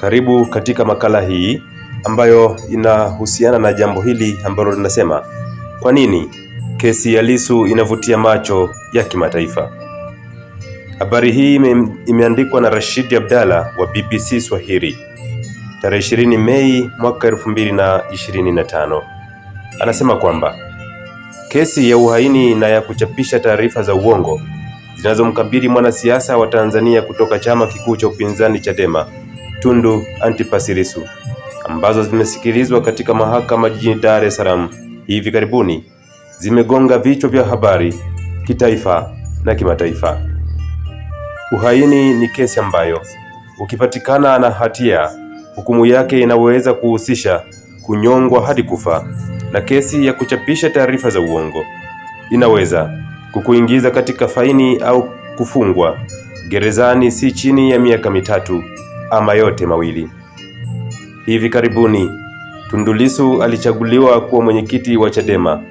Karibu katika makala hii ambayo inahusiana na jambo hili ambalo linasema kwa nini kesi ya Lissu inavutia macho ya kimataifa. Habari hii imeandikwa na Rashidi Abdalla wa BBC Swahili tarehe 20 Mei mwaka 2025. Anasema kwamba kesi ya uhaini na ya kuchapisha taarifa za uongo zinazomkabili mwanasiasa wa Tanzania kutoka chama kikuu cha upinzani Chadema Tundu Antipas Lissu ambazo zimesikilizwa katika mahakama jijini Dar es Salaam hivi karibuni zimegonga vichwa vya habari kitaifa na kimataifa. Uhaini ni kesi ambayo ukipatikana na hatia hukumu yake inaweza kuhusisha kunyongwa hadi kufa, na kesi ya kuchapisha taarifa za uongo inaweza kukuingiza katika faini au kufungwa gerezani si chini ya miaka mitatu ama yote mawili. Hivi karibuni Tundu Lissu alichaguliwa kuwa mwenyekiti wa Chadema,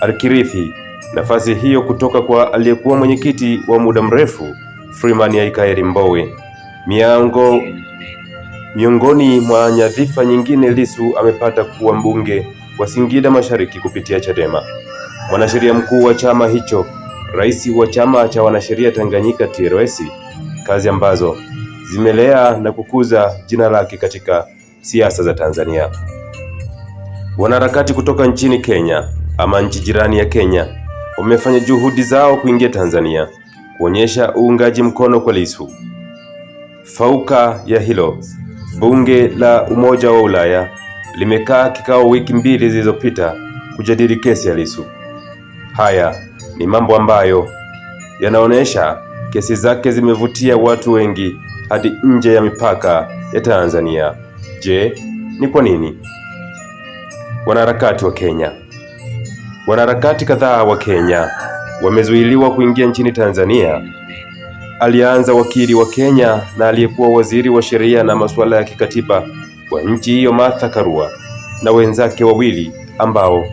akirithi nafasi hiyo kutoka kwa aliyekuwa mwenyekiti wa muda mrefu Freeman Aikaeli Mbowe. Miango miongoni mwa nyadhifa nyingine, Lissu amepata kuwa mbunge wa Singida Mashariki kupitia Chadema, mwanasheria mkuu wa chama hicho, rais wa chama cha wanasheria Tanganyika TLS, kazi ambazo zimelea na kukuza jina lake katika siasa za Tanzania. Wanaharakati kutoka nchini Kenya ama nchi jirani ya Kenya wamefanya juhudi zao kuingia Tanzania kuonyesha uungaji mkono kwa Lissu. Fauka ya hilo, bunge la Umoja wa Ulaya limekaa kikao wiki mbili zilizopita kujadili kesi ya Lissu. Haya ni mambo ambayo yanaonyesha kesi zake zimevutia watu wengi hadi nje ya mipaka ya Tanzania. Je, ni kwa nini? Wanaharakati wa Kenya. Wanaharakati kadhaa wa Kenya wamezuiliwa kuingia nchini Tanzania. Alianza wakili wa Kenya na aliyekuwa waziri wa sheria na masuala ya kikatiba wa nchi hiyo Martha Karua na wenzake wawili ambao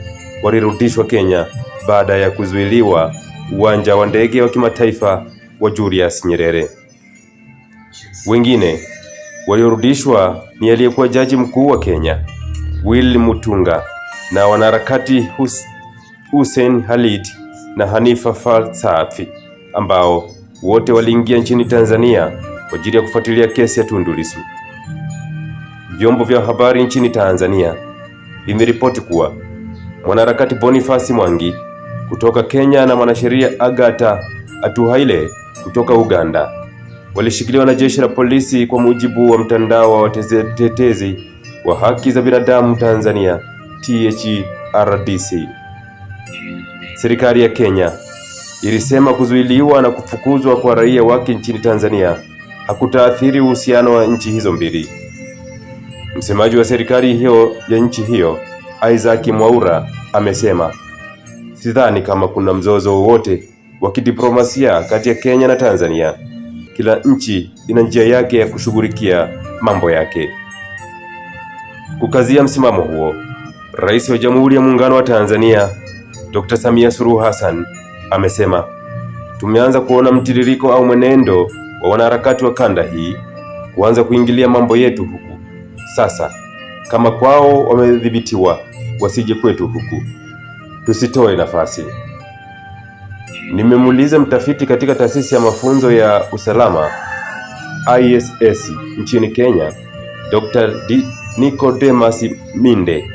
walirudishwa Kenya baada ya kuzuiliwa uwanja wa ndege wa kimataifa wa Julius Nyerere. Wengine waliorudishwa ni aliyekuwa jaji mkuu wa Kenya Will Mutunga na wanaharakati Hussein Khalid na Hanifa Falsafi ambao wote waliingia nchini Tanzania kwa ajili ya kufuatilia kesi ya Tundu Lissu. Vyombo vya habari nchini Tanzania vimeripoti kuwa mwanaharakati Boniface Mwangi kutoka Kenya na mwanasheria Agatha Atuhaire kutoka Uganda walishikiliwa na jeshi la polisi, kwa mujibu wa mtandao wa watetezi wa haki za binadamu Tanzania THRDC. E serikali ya Kenya ilisema kuzuiliwa na kufukuzwa kwa raia wake nchini Tanzania hakutaathiri uhusiano wa nchi hizo mbili. Msemaji wa serikali hiyo ya nchi hiyo Isaac Mwaura amesema, sidhani kama kuna mzozo wowote wa kidiplomasia kati ya Kenya na Tanzania. Kila nchi ina njia yake ya kushughulikia mambo yake. Kukazia msimamo huo, Rais wa Jamhuri ya Muungano wa Tanzania Dr. Samia Suluhu Hassan amesema tumeanza kuona mtiririko au mwenendo wa wanaharakati wa kanda hii kuanza kuingilia mambo yetu huku. Sasa kama kwao wamedhibitiwa, wasije kwetu huku, tusitoe nafasi. Nimemuuliza mtafiti katika taasisi ya mafunzo ya usalama ISS nchini Kenya, Dr. Nicodemus Minde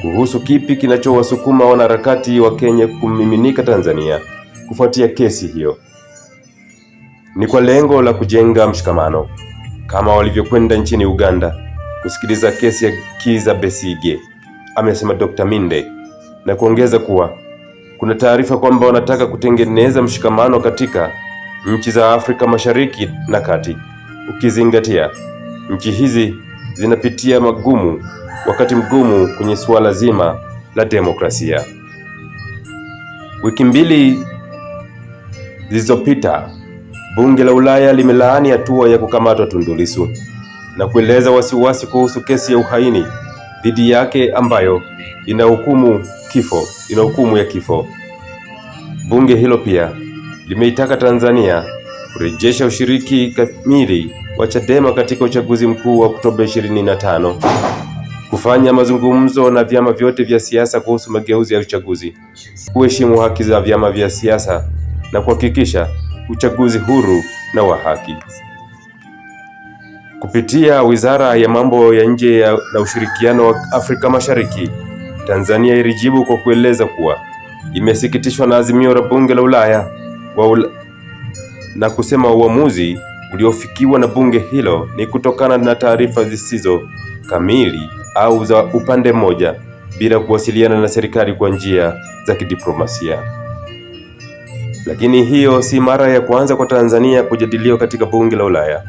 kuhusu kipi kinachowasukuma wanaharakati wa Kenya kumiminika Tanzania kufuatia kesi hiyo. Ni kwa lengo la kujenga mshikamano kama walivyokwenda nchini Uganda kusikiliza kesi ya Kiza Besige, amesema Dr. Minde na kuongeza kuwa kuna taarifa kwamba wanataka kutengeneza mshikamano katika nchi za Afrika Mashariki na Kati, ukizingatia nchi hizi zinapitia magumu wakati mgumu kwenye suala zima la demokrasia. Wiki mbili zilizopita, bunge la Ulaya limelaani hatua ya kukamatwa Tundu Lissu na kueleza wasiwasi kuhusu kesi ya uhaini dhidi yake ambayo inahukumu kifo, ina hukumu ya kifo. Bunge hilo pia limeitaka Tanzania kurejesha ushiriki kamili wa Chadema katika uchaguzi mkuu wa Oktoba 25, kufanya mazungumzo na vyama vyote vya siasa kuhusu mageuzi ya uchaguzi, kuheshimu haki za vyama vya siasa na kuhakikisha uchaguzi huru na wa haki. Kupitia Wizara ya Mambo ya Nje na Ushirikiano wa Afrika Mashariki Tanzania ilijibu kwa kueleza kuwa imesikitishwa na azimio la bunge la Ulaya ula... na kusema uamuzi uliofikiwa na bunge hilo ni kutokana na taarifa zisizo kamili au za upande mmoja bila kuwasiliana na serikali kwa njia za kidiplomasia. Lakini hiyo si mara ya kwanza kwa Tanzania kujadiliwa katika bunge la Ulaya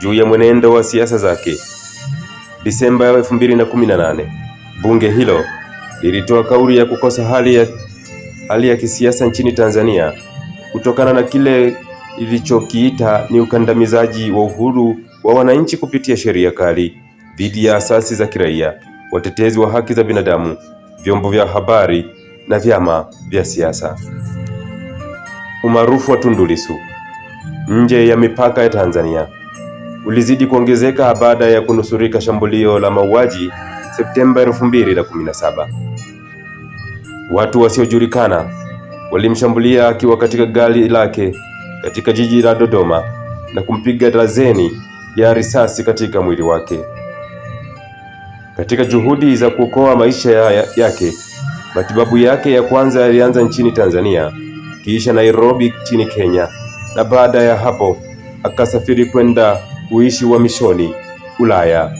juu ya mwenendo wa siasa zake. Disemba 2018 Bunge hilo lilitoa kauli ya kukosa hali ya, hali ya kisiasa nchini Tanzania kutokana na kile ilichokiita ni ukandamizaji wa uhuru wa wananchi kupitia sheria kali dhidi ya asasi za kiraia, watetezi wa haki za binadamu, vyombo vya habari na vyama vya siasa. Umaarufu wa Tundu Lissu nje ya mipaka ya Tanzania ulizidi kuongezeka baada ya kunusurika shambulio la mauaji Septemba 2017. Watu wasiojulikana walimshambulia akiwa katika gari lake katika jiji la Dodoma na kumpiga dazeni ya risasi katika mwili wake. Katika juhudi za kuokoa maisha ya yake, matibabu yake ya kwanza yalianza nchini Tanzania, kisha Nairobi nchini Kenya, na baada ya hapo akasafiri kwenda kuishi uhamishoni Ulaya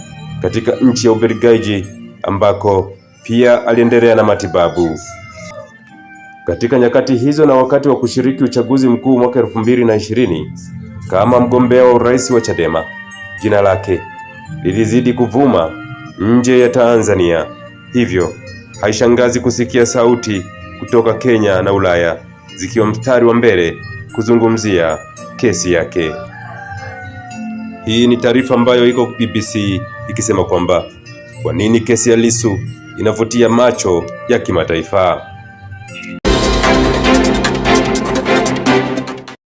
katika nchi ya Ubelgiji ambako pia aliendelea na matibabu. Katika nyakati hizo na wakati wa kushiriki uchaguzi mkuu mwaka elfu mbili na ishirini kama mgombea wa urais wa Chadema, jina lake lilizidi kuvuma nje ya Tanzania, hivyo haishangazi kusikia sauti kutoka Kenya na Ulaya zikiwa mstari wa mbele kuzungumzia kesi yake. Hii ni taarifa ambayo iko BBC ikisema kwamba kwa nini kesi ya Lissu inavutia macho ya kimataifa.